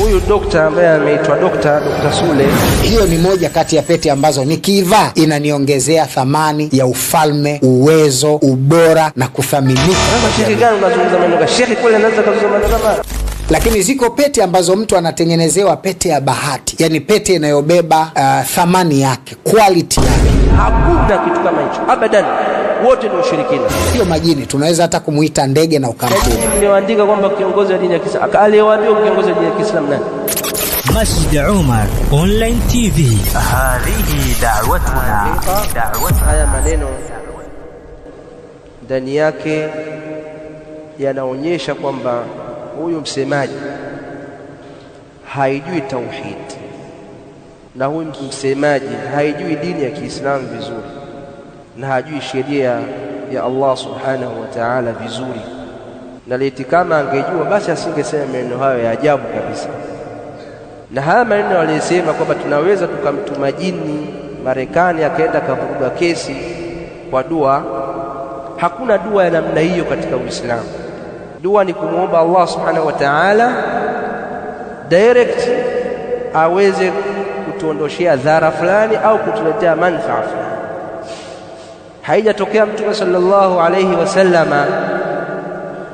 huyu dokta ambaye ameitwa dokta dokta Sule. Hiyo ni moja kati ya pete ambazo nikiivaa inaniongezea thamani ya ufalme, uwezo, ubora na kuthaminika. Sasa shiriki gani unazungumza maneno ka shekhi kule, naweza kuzungumza maneno kama lakini ziko pete ambazo mtu anatengenezewa pete ya bahati, yani pete inayobeba uh, thamani yake, quality yake. Hakuna kitu kama hicho abadan wote ni ushirikina. Sio majini, tunaweza hata kumuita ndege na ukamtuma. Nimeandika kwamba kiongozi wa dini ya Kiislamu aliyewaambia kiongozi wa dini ya Kiislamu nani? Masjid Umar Online TV. Hadhihi da'watuna. Haya maneno ndani yake yanaonyesha kwamba huyu msemaji haijui tauhid na huyu msemaji haijui dini ya Kiislamu vizuri na hajui sheria ya Allah subhanahu wa ta'ala vizuri, na leti kama angejua basi asingesema maneno hayo ya ajabu kabisa. Na haya maneno aliyesema kwamba tunaweza tukamtuma jini Marekani akaenda kavuruga kesi kwa dua, hakuna dua ya namna hiyo katika Uislamu. Dua ni kumwomba Allah subhanahu wa ta'ala direct aweze kutuondoshea dhara fulani au kutuletea manfaa fulani haijatokea Mtume sallallahu alaihi wasallama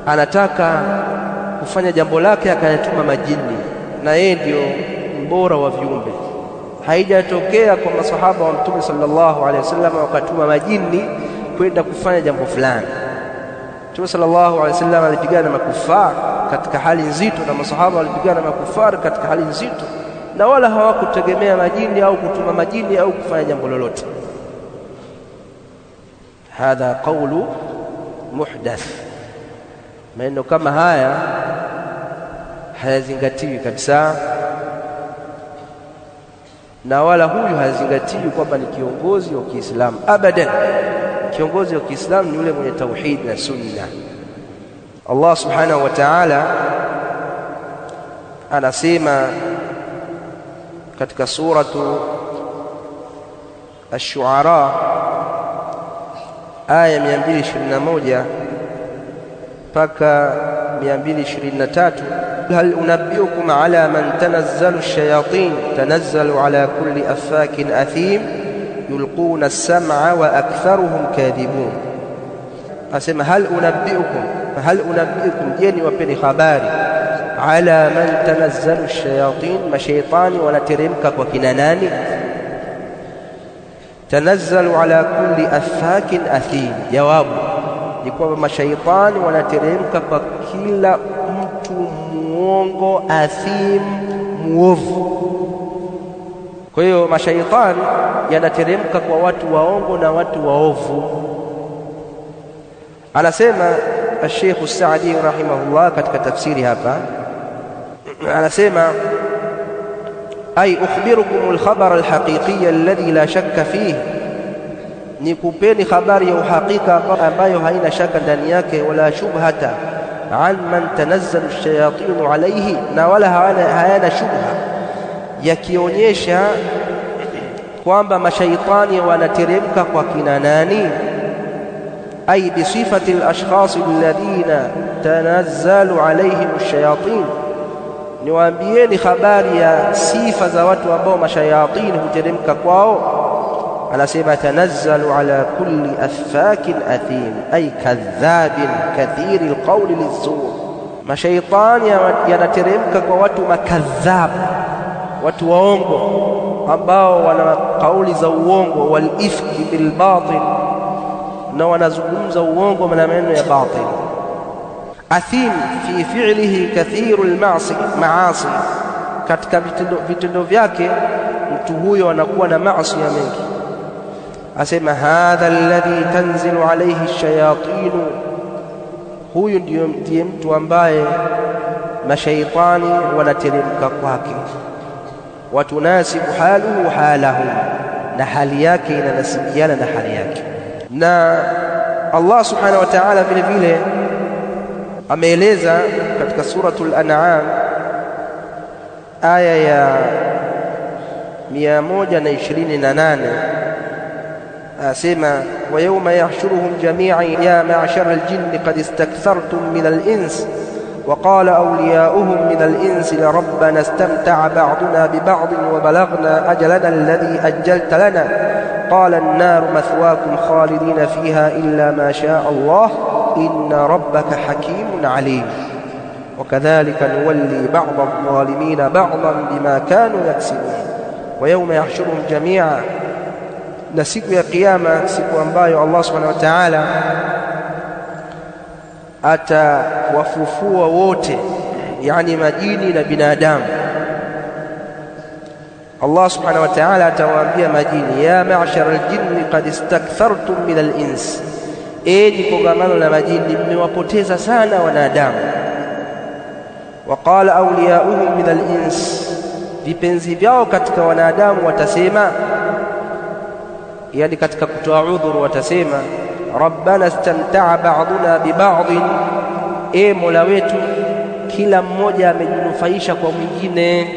anataka kufanya jambo lake akayatuma majini, na yeye ndiyo mbora wa viumbe. Haijatokea kwa masahaba wa Mtume sallallahu alayhi wasallama wakatuma majini kwenda kufanya jambo fulani. Mtume sallallahu alayhi wasallam alipigana na makufar katika hali nzito, na masahaba walipigana na makufar katika hali nzito, na wala hawakutegemea majini au kutuma majini au kufanya jambo lolote. هذا قول muhdath maneno kama haya hayazingatiwi kabisa na wala huyu hazingatiwi kwamba ni kiongozi wa Kiislamu abadan. Kiongozi wa Kiislamu ni yule mwenye tauhid na sunna. Allah subhanahu wa ta'ala anasema katika suratu Ash-Shu'ara aya 221 mpaka 223 hal unabbiukum ala man tanazzalu ash-shayatin tanazzalu ala kulli affakin athim yulquna as-sam'a wa aktharuhum kadhibun asema hal unabbiukum hal unabbiukum je niwapeni habari ala man tanazzalu ash-shayatin mashaitani wanateremka kwa kina nani tanazzalu ala kulli afakin athim, jawabu ni kwamba mashaitani wanateremka kwa kila mtu muongo, athim, muovu. Kwa hiyo mashaitani yanateremka kwa watu waongo na watu waovu. Anasema Sheikhu Saadi rahimahullah katika tafsiri hapa, anasema أي أخبركم الخبر الحقيقي الذي لا شك فيه نكوبيني خبر يو حقيقة أبا يهين شك دانياك ولا شبهة عن من تنزل الشياطين عليه نوالها هين شبهة يكيونيشا كوانبا ما شيطان ونترمك وكناناني أي بصفة الأشخاص الذين تنزل عليهم الشياطين niwaambieni habari ya sifa za watu ambao mashayatin huteremka kwao anasema tanazzalu ala kulli affakin athim ay kadhabin kathiri alqawli lizzur mashaitani yanateremka kwa watu makadhab watu waongo ambao wana kauli za uongo walifki bilbatil na wanazungumza uongo na maneno ya batili Athim fi fi'lihi kathiru lmaasi maasi, katika vitendo, vitendo vyake mtu huyo anakuwa na maasi ya mengi. Asema hadha alladhi tanzilu alayhi shayatinu, huyu ndiyo ndiye mtu ambaye mashaitani wanateremka kwake. Watunasibu haluhu halahu, na hali yake inanasibiana na hali yake. Na Allah subhanahu wa ta'ala vile vile ameeleza katika suratul An'am aya ya 128 asema wa yawma yahshuruhum jami'an ya ma'shar al-jinni qad istakthartum min al-ins وقال أولياؤهم من الإنس لربنا استمتع بعضنا ببعض وبلغنا أجلنا الذي أجلت لنا قال النار مثواكم خالدين فيها إلا ما شاء الله إن ربك حكيم عليم وكذلك نولي بعض الظالمين بعضا بما كانوا يكسبون ويوم يحشرهم جميعا نسيك يا قيامة سيكو أنبايو الله سبحانه وتعالى أتى وففو ووت يعني مجيني لبنى دام الله سبحانه وتعالى توابي مجيني يا معشر الجن قد استكثرتم من الإنس enyi eh, kongamano la majini, mmewapoteza sana wanadamu. Waqala awliyauhum min al-ins, vipenzi vyao katika wanadamu watasema, yani katika kutoa udhuru watasema, rabbana stamtaa ba'duna bi ba'din, e mola wetu kila mmoja amejinufaisha kwa mwingine.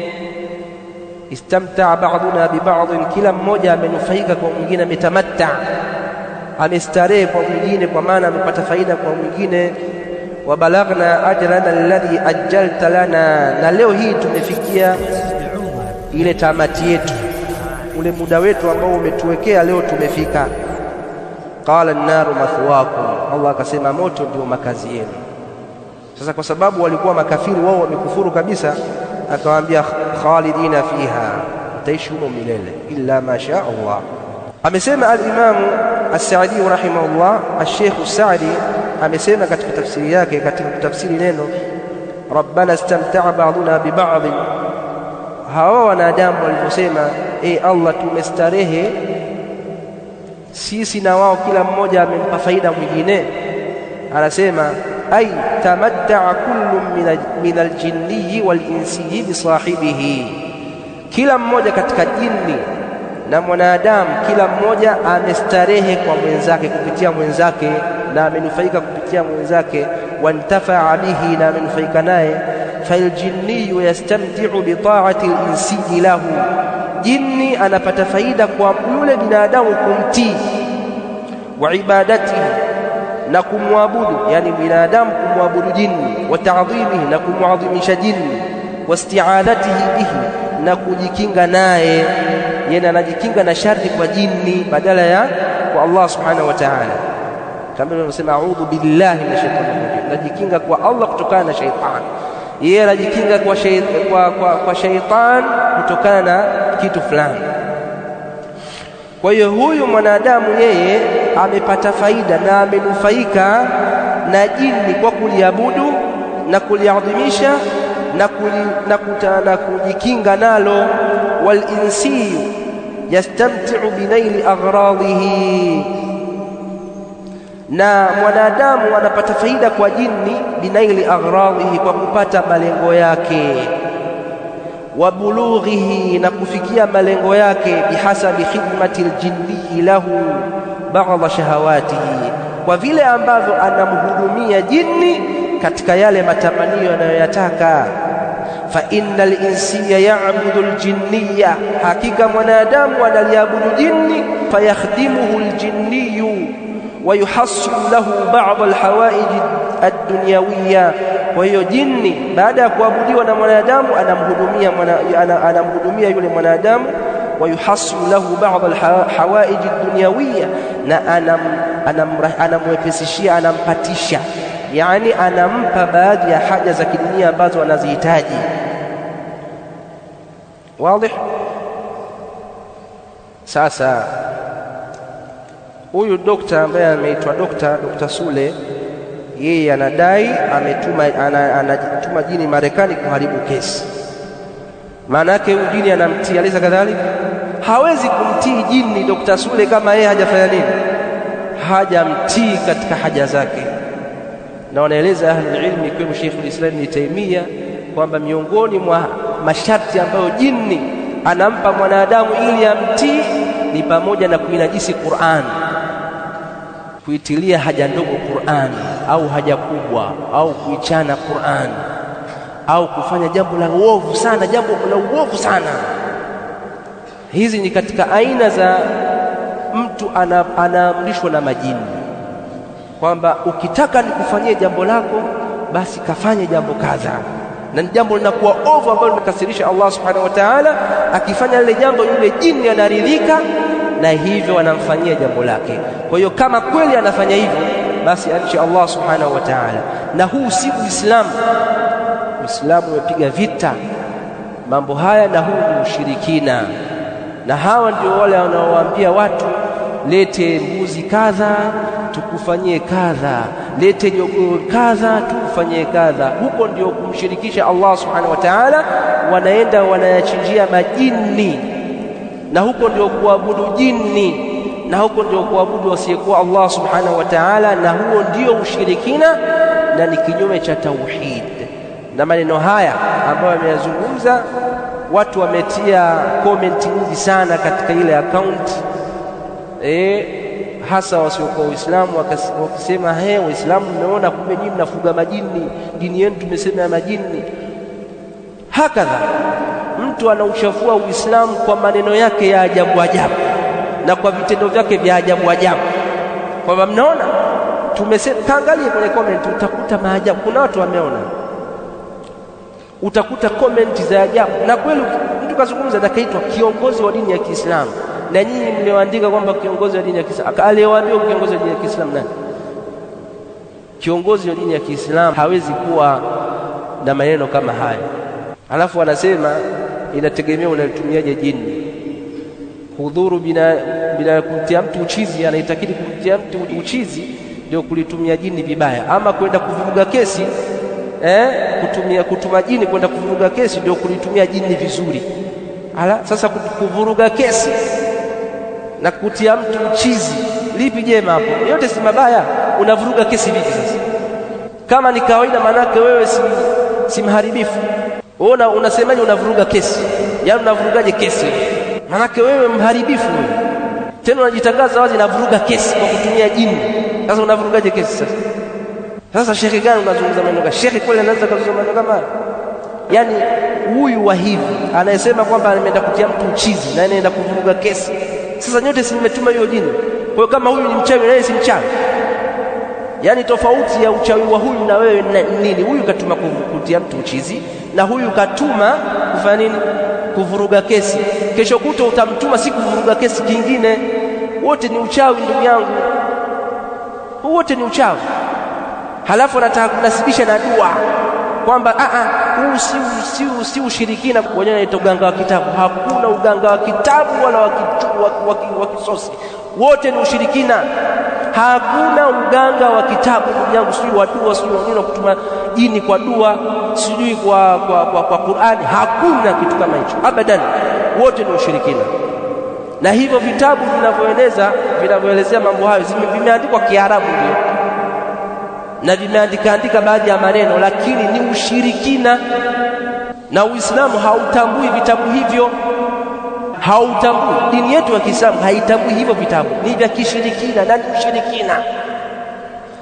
Istamtaa ba'duna bi ba'din, kila mmoja amenufaika kwa mwingine, ametamattaa amestarehe kwa mwingine, kwa maana amepata faida kwa mwingine. Wa balaghna ajrana alladhi ajjalta lana, na leo hii tumefikia ile tamati yetu, ule muda wetu ambao umetuwekea leo tumefika. Qala an-naru mathwaakum, Allah akasema moto ndio makazi yenu. Sasa kwa sababu walikuwa makafiri, wao wamekufuru kabisa, akawaambia khalidina fiha, utaishi humo milele, illa ma sha Allah. Amesema al-Imamu السعدي رحمه الله الشيخ السعدي أمسينا كتب تفسيرياك كتب تفسيري لينو ربنا استمتع بعضنا ببعض هوا ونادام والفسيمة اي الله تمستريه سيسي نواو كلا موجة من بفايدة مجينة على سيما أي تمتع كل من من الجني والإنسي بصاحبه كلا موجة كتكا جني na mwanadamu kila mmoja amestarehe kwa mwenzake kupitia mwenzake na amenufaika kupitia mwenzake, wantafaa bihi, na amenufaika naye. Faljinniyu yastamti'u bita'ati linsiji lahu, jinni anapata faida kwa yule binadamu kumtii, wa ibadatihi, na kumwabudu, yani binadamu kumwabudu jinni, wa ta'dhimihi, na kumwadhimisha jinni, wa isti'adatihi bihi, na kujikinga naye yeye anajikinga na sharti kwa jini badala ya kwa Allah subhanahu wa ta'ala, kama vile a'udhu billahi minash shaitani rajim, najikinga kwa Allah kutokana na shaitani. Yeye anajikinga kwa kwa, kwa, kwa shaitani kutokana na kitu fulani. Kwa hiyo huyu mwanadamu yeye amepata faida na amenufaika na jini kwa kuliabudu na kuliadhimisha na, na, na kujikinga nalo. insi yastamti'u binaili aghradihi na mwanadamu anapata faida kwa jini binaili aghradihi kwa kupata malengo yake wa bulughihi na kufikia malengo yake, bihasabi khidmati aljinni lahu bada shahawatihi, kwa vile ambavyo anamhudumia jini katika yale matamanio anayoyataka. فإن الإنسية يعبد الجنية حقيقة آدم ودل يعبد جني فيخدمه الجني ويحصل له بعض الحوائج الدنيوية وهو بعد بعد أكوابدي وانا آدم أنا مهدومية من أنا أنا مهدومية يولي منادام ويحصل له بعض الحوائج الدنيوية نا أنا أنا أنا مفسشي أنا مفتشة يعني أنا مبادية حاجة زكينية بعض وأنا زيتاجي Wazi. Sasa huyu dokta ambaye ameitwa dokta dokta Sule, yeye anadai ametuma, anatuma jini Marekani kuharibu kesi. Maana yake huyu jini anamtii, alisa kadhalika hawezi kumtii jini dokta Sule kama yeye hajafanya nini, hajamtii katika haja zake. Na wanaeleza ahlulilmi, ikiwemo Sheikhul Islam Ibn Taimia, kwamba miongoni mwa masharti ambayo jini anampa mwanadamu ili amtii ni pamoja na kuinajisi Qur'an, kuitilia haja ndogo Qur'an au haja kubwa au kuichana Qur'an au kufanya jambo la uovu sana, jambo la uovu sana. Hizi ni katika aina za mtu anaamrishwa na majini kwamba ukitaka nikufanyie jambo lako basi kafanye jambo kadha na ni jambo linakuwa ovu ambalo limekasirisha Allah subhanahu wa ta'ala. Akifanya lile jambo, yule jini anaridhika na hivyo anamfanyia jambo lake. Kwa hiyo kama kweli anafanya hivyo, basi amche Allah subhanahu wa ta'ala. Na huu si Uislamu. Uislamu umepiga vita mambo haya, na huu ni ushirikina, na hawa ndio wale wanaowaambia watu lete mbuzi kadha tukufanyie kadha, lete jogoo kadha, tukufanyie kadha. Huko ndio kumshirikisha Allah subhanahu wa ta'ala, wanaenda wanayachinjia majini, na huko ndio kuabudu jini na huko ndio kuabudu wasiyekuwa Allah subhanahu wa ta'ala, na huo ndio ushirikina na ni kinyume cha tauhid. Na maneno haya ambayo ameyazungumza, watu wametia komenti nyingi sana katika ile akaunti eh hasa wasiokuwa Waislamu wakisema, he, Waislamu mmeona, kumbe nyinyi mnafuga majini, dini yenu tumesema ya majini. Hakadha, mtu anaushafua Uislamu kwa maneno yake ya ajabu ajabu na kwa vitendo vyake vya ajabu ajabu, kwamba mnaona tumesema. Kaangalie kwenye komenti, utakuta maajabu. Kuna watu wameona, utakuta komenti za ajabu, na kweli mtu kazungumza atakaitwa kiongozi wa dini ya Kiislamu na nyinyi mlioandika kwamba kiongozi wa dini ya Kiislamu, aliyewaambia kiongozi wa dini ya Kiislamu nani? Kiongozi wa dini ya Kiislamu hawezi kuwa na maneno kama haya. Alafu wanasema inategemea unalitumiaje jini. Hudhuru bila bila kumtia mtu uchizi, anaitakidi kumtia mtu uchizi ndio kulitumia jini vibaya, ama kwenda kuvuruga kesi eh, kutumia kutuma jini kwenda kuvuruga kesi ndio kulitumia jini vizuri. Ala, sasa kuvuruga kesi na kutia mtu uchizi, lipi jema hapo? Yote si mabaya. Unavuruga kesi vipi sasa? Kama ni kawaida, manake wewe si, si mharibifu. Wewe unasemaje unavuruga kesi? Yaani unavurugaje kesi? Manake wewe mharibifu wewe, tena unajitangaza wazi navuruga kesi kwa kutumia jini. Sasa unavurugaje kesi sasa? Sasa shekhe gani unazungumza maneno gani? Shekhe kweli anaweza kuzungumza maneno kama yaani, huyu wa hivi anayesema kwamba ameenda kutia mtu uchizi na anaenda kuvuruga kesi sasa nyote si mmetuma hiyo jina. Kwa hiyo kama huyu ni mchawi na yeye si mchawi, yaani tofauti ya uchawi wa huyu na wewe nini? Huyu katuma kutia mtu uchizi na huyu katuma kufanya nini? Kuvuruga kesi. Kesho kuto utamtuma si kuvuruga kesi kingine. Wote ni uchawi, ndugu yangu, wote ni uchawi. Halafu anataka kunasibisha na dua kwamba ah, ah, huu si, si, si ushirikina. Wenyewe naita uganga wa kitabu. Hakuna uganga wa kitabu wala wa kisosi, wote ni ushirikina. Hakuna uganga wa kitabu ndugu yangu, sijui wa dua, sijui wa kutuma jini kwa dua, sijui kwa, kwa, kwa, kwa Qur'ani. Hakuna kitu kama hicho abadan, wote ni ushirikina na hivyo vitabu vinavyoeleza vinavyoelezea mambo hayo vimeandikwa Kiarabu ndio na vimeandikaandika baadhi ya maneno, lakini ni ushirikina, na Uislamu hautambui vitabu hivyo, hautambui. Dini yetu ya Kiislamu haitambui hivyo vitabu, ni vya kishirikina na ni ushirikina.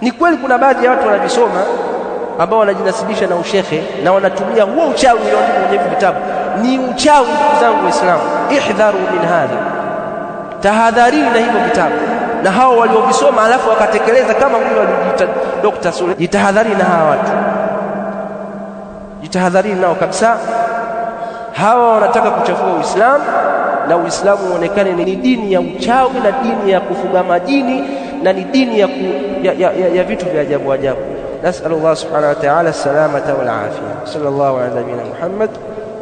Ni kweli kuna baadhi ya watu wanavisoma ambao wanajinasibisha na ushehe na wanatumia huo uchawi ulioandikwa kwenye hivi vitabu. Ni uchawi, ndugu zangu Waislamu, ihdharu min hadha, tahadharini na hivyo vitabu na hao waliovisoma, alafu wakatekeleza kama vile Dr. Dr. Sule, jitahadhari na hawa watu, jitahadhari nao kabisa. Hawa wanataka kuchafua Uislamu na Uislamu uonekane ni dini ya uchawi na dini ya kufuga majini na ni dini ya, ku, ya, ya, ya, ya vitu vya ajabu ajabu. نسأل الله سبحانه وتعالى السلامة والعافية صلى الله على نبينا محمد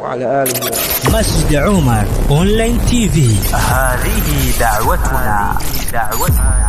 وعلى آله مسجد عمر أونلاين تي في هذه دعوتنا دعوتنا